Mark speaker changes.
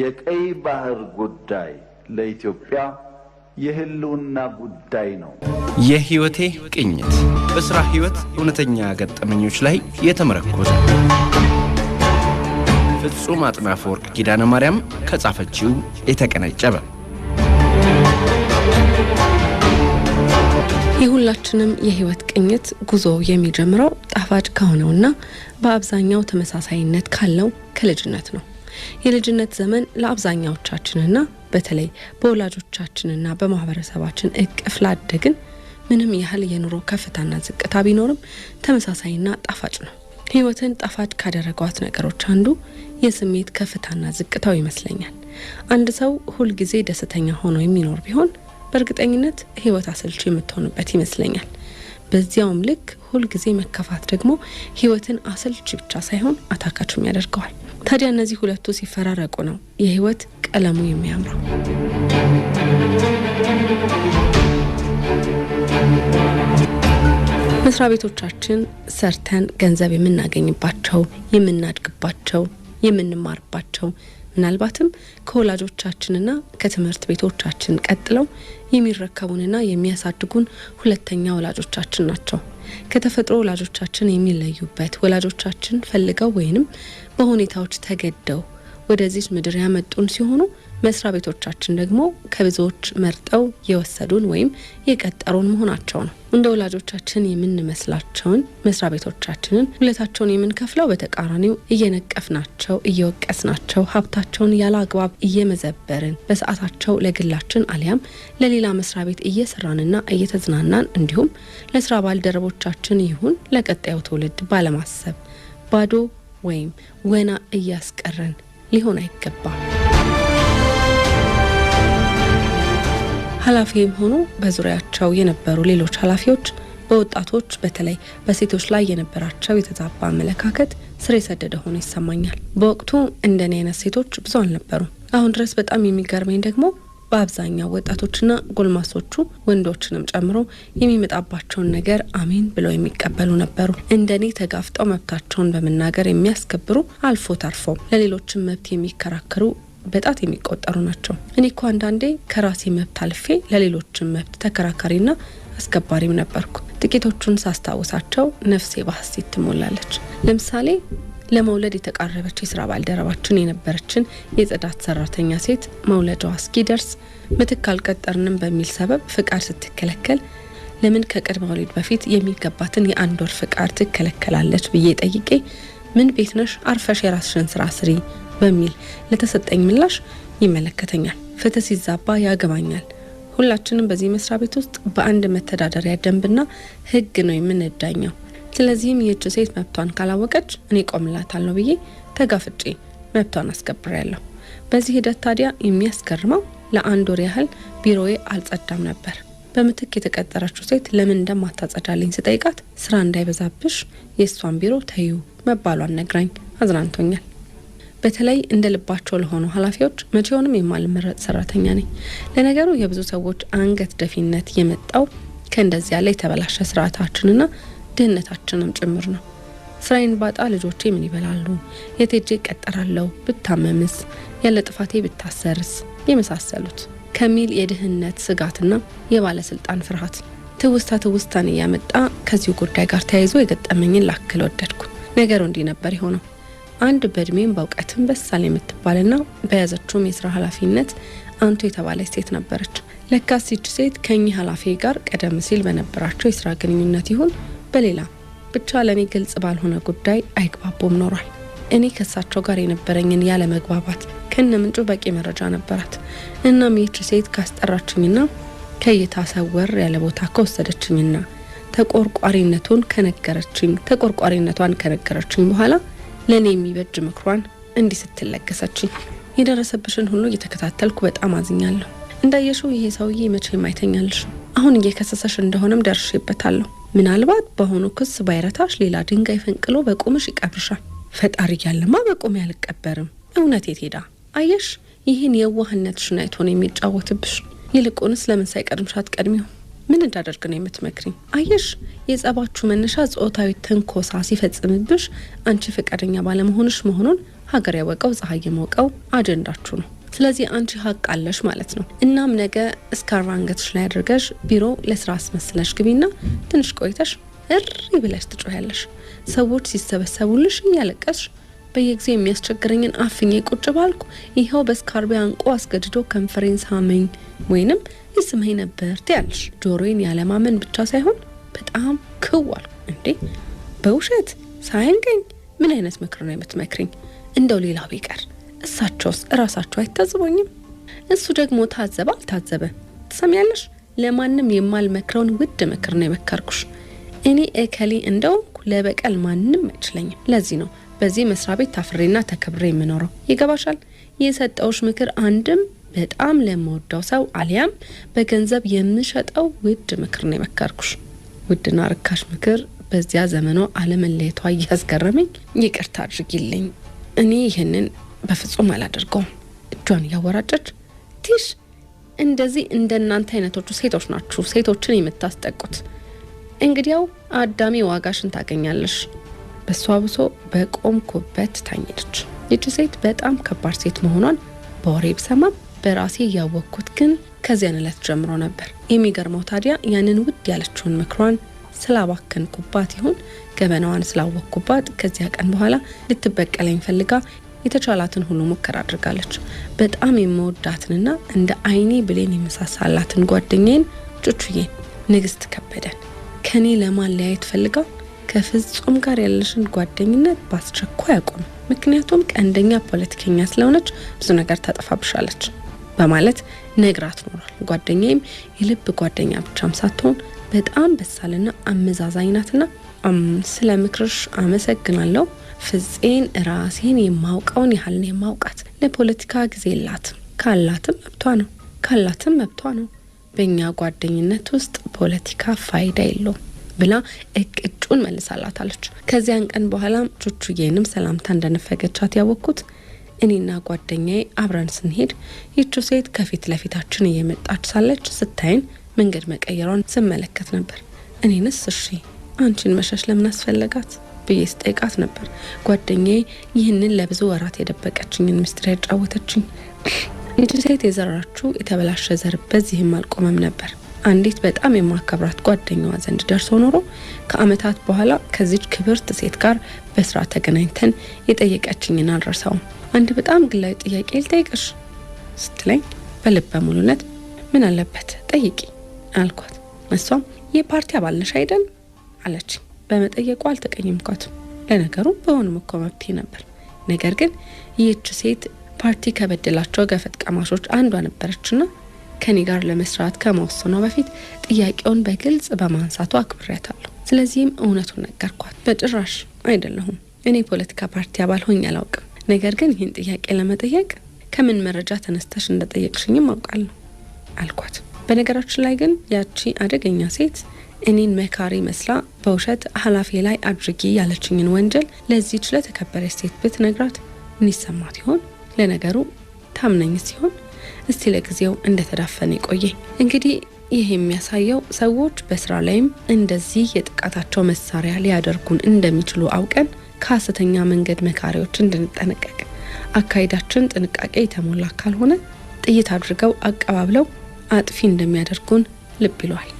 Speaker 1: የቀይ ባህር ጉዳይ ለኢትዮጵያ የህልውና ጉዳይ ነው።
Speaker 2: የህይወቴ ቅኝት በስራ ህይወት እውነተኛ ገጠመኞች ላይ የተመረኮዘ ፍጹም አጥናፈ ወርቅ ኪዳነ ማርያም ከጻፈችው የተቀነጨበ
Speaker 3: የሁላችንም የህይወት ቅኝት ጉዞ የሚጀምረው ጣፋጭ ከሆነውና በአብዛኛው ተመሳሳይነት ካለው ከልጅነት ነው። የልጅነት ዘመን ለአብዛኛዎቻችንና በተለይ በወላጆቻችንና በማህበረሰባችን እቅፍ ላደግን ምንም ያህል የኑሮ ከፍታና ዝቅታ ቢኖርም ተመሳሳይና ጣፋጭ ነው። ህይወትን ጣፋጭ ካደረጓት ነገሮች አንዱ የስሜት ከፍታና ዝቅታው ይመስለኛል። አንድ ሰው ሁልጊዜ ደስተኛ ሆኖ የሚኖር ቢሆን በእርግጠኝነት ህይወት አሰልቺ የምትሆንበት ይመስለኛል። በዚያውም ልክ ሁልጊዜ መከፋት ደግሞ ህይወትን አሰልቺ ብቻ ሳይሆን አታካችም ያደርገዋል። ታዲያ እነዚህ ሁለቱ ሲፈራረቁ ነው የህይወት ቀለሙ የሚያምረው።
Speaker 4: መስሪያ ቤቶቻችን ሰርተን ገንዘብ የምናገኝባቸው፣ የምናድግባቸው፣ የምንማርባቸው ምናልባትም ከወላጆቻችንና ከትምህርት ቤቶቻችን ቀጥለው የሚረከቡንና የሚያሳድጉን ሁለተኛ ወላጆቻችን ናቸው። ከተፈጥሮ ወላጆቻችን የሚለዩበት ወላጆቻችን ፈልገው ወይንም በሁኔታዎች ተገደው ወደዚች ምድር ያመጡን ሲሆኑ መስሪያ ቤቶቻችን ደግሞ ከብዙዎች መርጠው የወሰዱን ወይም የቀጠሩን መሆናቸው ነው። እንደ ወላጆቻችን የምንመስላቸውን መስሪያ ቤቶቻችንን ውለታቸውን የምንከፍለው በተቃራኒው እየነቀፍናቸው፣ እየወቀስናቸው ሀብታቸውን ያለ አግባብ እየመዘበርን በሰዓታቸው ለግላችን አሊያም ለሌላ መስሪያ ቤት እየሰራንና እየተዝናናን እንዲሁም ለስራ ባልደረቦቻችን ይሁን ለቀጣዩ ትውልድ ባለማሰብ ባዶ ወይም ወና እያስቀረን ሊሆን አይገባም።
Speaker 5: ኃላፊም ሆኑ በዙሪያቸው የነበሩ ሌሎች ኃላፊዎች በወጣቶች በተለይ በሴቶች ላይ የነበራቸው የተዛባ አመለካከት ስር የሰደደ ሆኖ ይሰማኛል። በወቅቱ እንደኔ አይነት ሴቶች ብዙ አልነበሩም። አሁን ድረስ በጣም የሚገርመኝ ደግሞ በአብዛኛው ወጣቶችና ጎልማሶቹ ወንዶችንም ጨምሮ የሚመጣባቸውን ነገር አሜን ብለው የሚቀበሉ ነበሩ። እንደኔ ተጋፍጠው መብታቸውን በመናገር የሚያስከብሩ አልፎ ተርፎም ለሌሎችም መብት የሚከራከሩ በጣት የሚቆጠሩ ናቸው። እኔ እኮ አንዳንዴ ከራሴ መብት አልፌ ለሌሎችን መብት ተከራካሪና አስከባሪም ነበርኩ። ጥቂቶቹን ሳስታውሳቸው ነፍሴ በሐሴት ትሞላለች። ለምሳሌ ለመውለድ የተቃረበች የስራ ባልደረባችን የነበረችን የጽዳት ሰራተኛ ሴት መውለጃዋ እስኪደርስ ምትክ አልቀጠርንም በሚል ሰበብ ፍቃድ ስትከለከል ለምን ከቅድመ ወሊድ በፊት የሚገባትን የአንድ ወር ፍቃድ ትከለከላለች ብዬ ጠይቄ ምን ቤት ነሽ፣ አርፈሽ የራስሽን ስራ ስሪ በሚል ለተሰጠኝ ምላሽ ይመለከተኛል። ፍትህ ሲዛባ ያገባኛል። ሁላችንም በዚህ መስሪያ ቤት ውስጥ በአንድ መተዳደሪያ ደንብና ህግ ነው የምንዳኘው። ስለዚህም ይህች ሴት መብቷን ካላወቀች እኔ ቆምላታለሁ ብዬ ተጋፍጬ መብቷን አስከብሬያለሁ። በዚህ ሂደት ታዲያ የሚያስገርመው ለአንድ ወር ያህል ቢሮዬ አልጸዳም ነበር። በምትክ የተቀጠረችው ሴት ለምን እንደማታጸዳልኝ ስጠይቃት ስራ እንዳይበዛብሽ የእሷን ቢሮ ተዩ መባሏን ነግራኝ አዝናንቶኛል። በተለይ እንደ ልባቸው ለሆኑ ኃላፊዎች መቼውንም የማልመረጥ ሰራተኛ ነኝ። ለነገሩ የብዙ ሰዎች አንገት ደፊነት የመጣው ከእንደዚያ ላይ የተበላሸ ስርዓታችንና ድህነታችንም ጭምር ነው። ስራዬን ባጣ ልጆቼ ምን ይበላሉ? የት ሄጄ እቀጠራለሁ? ብታመምስ? ያለ ጥፋቴ ብታሰርስ? የመሳሰሉት ከሚል የድህነት ስጋትና የባለስልጣን ፍርሃት ትውስታ ትውስታን እያመጣ ከዚሁ ጉዳይ ጋር ተያይዞ የገጠመኝን ላክል ወደድኩ። ነገሩ እንዲህ ነበር የሆነው። አንድ በእድሜም በእውቀትም በሳል የምትባልና በያዘችውም የስራ ኃላፊነት አንቱ የተባለች ሴት ነበረች። ለካስ ይች ሴት ከኚህ ኃላፊ ጋር ቀደም ሲል በነበራቸው የስራ ግንኙነት ይሁን በሌላ ብቻ ለእኔ ግልጽ ባልሆነ ጉዳይ አይግባቡም ኖሯል። እኔ ከእሳቸው ጋር የነበረኝን ያለ መግባባት ከነ ምንጩ በቂ መረጃ ነበራት። እናም ይች ሴት ካስጠራችኝና ከእይታ ሰወር ያለ ቦታ ከወሰደችኝና ተቆርቋሪነቱን ከነገረችኝ ተቆርቋሪነቷን ከነገረችኝ በኋላ ለእኔ የሚበጅ ምክሯን እንዲህ ስትለገሰችኝ፣ የደረሰብሽን ሁሉ እየተከታተልኩ በጣም አዝኛለሁ። እንዳየሽው ይሄ ሰውዬ መቼም አይተኛልሽ። አሁን እየከሰሰሽ እንደሆነም ደርሼበታለሁ። ምናልባት በአሁኑ ክስ ባይረታሽ ሌላ ድንጋይ ፈንቅሎ በቁምሽ ይቀብርሻል። ፈጣሪ እያለማ በቁሜ አልቀበርም። እውነት የት አየሽ? ይህን የዋህነትሽን አይቶ ነው የሚጫወትብሽ። ይልቁንስ ለምን ሳይቀድምሽ አትቀድሚው? ምን እንዳደርግ ነው የምትመክሪኝ? አየሽ የጸባችሁ መነሻ ጾታዊ ትንኮሳ ሲፈጽምብሽ አንቺ ፈቃደኛ ባለመሆንሽ መሆኑን ሀገር ያወቀው ፀሐይ የሞቀው አጀንዳችሁ ነው። ስለዚህ አንቺ ሀቅ አለሽ ማለት ነው። እናም ነገ እስካርፍ አንገትሽ ላይ አድርገሽ ቢሮ ለስራ አስመስለሽ ግቢና ትንሽ ቆይተሽ እሪ ብለሽ ትጮያለሽ። ሰዎች ሲሰበሰቡልሽ እያለቀስሽ በየጊዜው የሚያስቸግረኝን አፍኜ ቁጭ ባልኩ ይኸው በስካርቢ አንቆ አስገድዶ ከንፈሬን ሳመኝ ወይንም ይስመኝ ነበር ትያለሽ። ጆሮዬን ያለማመን ብቻ ሳይሆን በጣም ክው እንዴ በውሸት ሳያንቀኝ ምን አይነት ምክር ነው የምትመክርኝ? እንደው ሌላው ቢቀር እሳቸውስ እራሳቸው አይታዘቡኝም? እሱ ደግሞ ታዘበ አልታዘበ ትሰሚያለሽ፣ ለማንም የማልመክረውን ውድ ምክር ነው የመከርኩሽ። እኔ እከሌ እንደውም ለበቀል ማንም አይችለኝም። ለዚህ ነው በዚህ መስሪያ ቤት ታፍሬና ተከብሬ የምኖረው ይገባሻል። የሰጠውሽ ምክር አንድም በጣም ለምወደው ሰው አሊያም በገንዘብ የምሸጠው ውድ ምክር ነው የመከርኩሽ። ውድና ርካሽ ምክር በዚያ ዘመኗ አለመለየቷ እያስገረመኝ ይቅርታ አድርጊልኝ። እኔ ይህንን በፍጹም አላደርገውም። እጇን እያወራጨች ቲሽ፣ እንደዚህ እንደ እናንተ አይነቶቹ ሴቶች ናችሁ ሴቶችን የምታስጠቁት። እንግዲያው አዳሜ ዋጋሽን ታገኛለሽ በሷ ብሶ በቆምኩበት ታኘች። ይቺ ሴት በጣም ከባድ ሴት መሆኗን በወሬ ብሰማም በራሴ እያወቅኩት ግን ከዚያን ዕለት ጀምሮ ነበር። የሚገርመው ታዲያ ያንን ውድ ያለችውን ምክሯን ስላባከንኩባት ይሁን ገበናዋን ስላወቅኩባት ከዚያ ቀን በኋላ ልትበቀለኝ ፈልጋ የተቻላትን ሁሉ ሙከራ አድርጋለች። በጣም የመወዳትንና እንደ አይኔ ብሌን የመሳሳላትን ጓደኛዬን ጩቹዬን ንግስት ከበደን ከኔ ለማለያየት ፈልጋ ከፍጹም ጋር ያለሽን ጓደኝነት በአስቸኳይ አቁም፣ ምክንያቱም ቀንደኛ ፖለቲከኛ ስለሆነች ብዙ ነገር ታጠፋብሻለች በማለት ነግራት ኖሯል። ጓደኛዬም የልብ ጓደኛ ብቻም ሳትሆን በጣም በሳልና አመዛዛኝ ናትና ስለ ምክርሽ አመሰግናለሁ። ፍጼን ራሴን የማውቀውን ያህል የማውቃት። ለፖለቲካ ጊዜ ላት ካላትም መብቷ ነው ካላትም መብቷ ነው። በእኛ ጓደኝነት ውስጥ ፖለቲካ ፋይዳ የለውም። ብላ እቅጩን መልሳላታለች። ከዚያን ቀን በኋላ ቹቹዬንም ሰላምታ እንደነፈገቻት ያወቅኩት እኔና ጓደኛዬ አብረን ስንሄድ ይቹ ሴት ከፊት ለፊታችን እየመጣች ሳለች ስታይን መንገድ መቀየሯን ስመለከት ነበር። እኔንስ እሺ አንቺን መሸሽ ለምን አስፈለጋት ብዬ ስጠይቃት ነበር። ጓደኛዬ ይህንን ለብዙ ወራት የደበቀችኝን ምስጢር ያጫወተችኝ ይቺ ሴት የዘራችው የተበላሸ ዘር በዚህም አልቆመም ነበር። አንዲት በጣም የማከብራት ጓደኛዋ ዘንድ ደርሶ ኖሮ ከአመታት በኋላ ከዚች ክብርት ሴት ጋር በስራ ተገናኝተን የጠየቀችኝን አልረሳውም። አንድ በጣም ግላዊ ጥያቄ ልጠይቅሽ ስትለኝ በልበ ሙሉነት ምን አለበት ጠይቂ አልኳት። እሷም የፓርቲ አባል ነሽ አይደል አለች። በመጠየቁ ኳት። ለነገሩ በሆኑም እኮ መብቴ ነበር። ነገር ግን ይህች ሴት ፓርቲ ከበደላቸው ገፈት ቀማሾች አንዷ ነበረችና ከኔ ጋር ለመስራት ከመወሰኗ በፊት ጥያቄውን በግልጽ በማንሳቱ አክብሬያታለሁ። ስለዚህም እውነቱን ነገርኳት። በጭራሽ አይደለሁም፣ እኔ ፖለቲካ ፓርቲ አባል ሆኝ አላውቅም። ነገር ግን ይህን ጥያቄ ለመጠየቅ ከምን መረጃ ተነስተሽ እንደጠየቅሽኝም አውቃለሁ አልኳት። በነገራችን ላይ ግን ያቺ አደገኛ ሴት እኔን መካሪ መስላ በውሸት ኃላፊ ላይ አድርጊ ያለችኝን ወንጀል ለዚች ለተከበረች ሴት ብትነግራት ምን ይሰማት ይሆን? ለነገሩ ታምነኝ ሲሆን እስቲ ለጊዜው እንደተዳፈነ ይቆየ። እንግዲህ ይህ የሚያሳየው ሰዎች በስራ ላይም እንደዚህ የጥቃታቸው መሳሪያ ሊያደርጉን እንደሚችሉ አውቀን ከሀሰተኛ መንገድ መካሪዎች እንድንጠነቀቅ፣ አካሄዳችን ጥንቃቄ የተሞላ ካልሆነ ጥይት አድርገው አቀባብለው አጥፊ እንደሚያደርጉን ልብ ይሏል።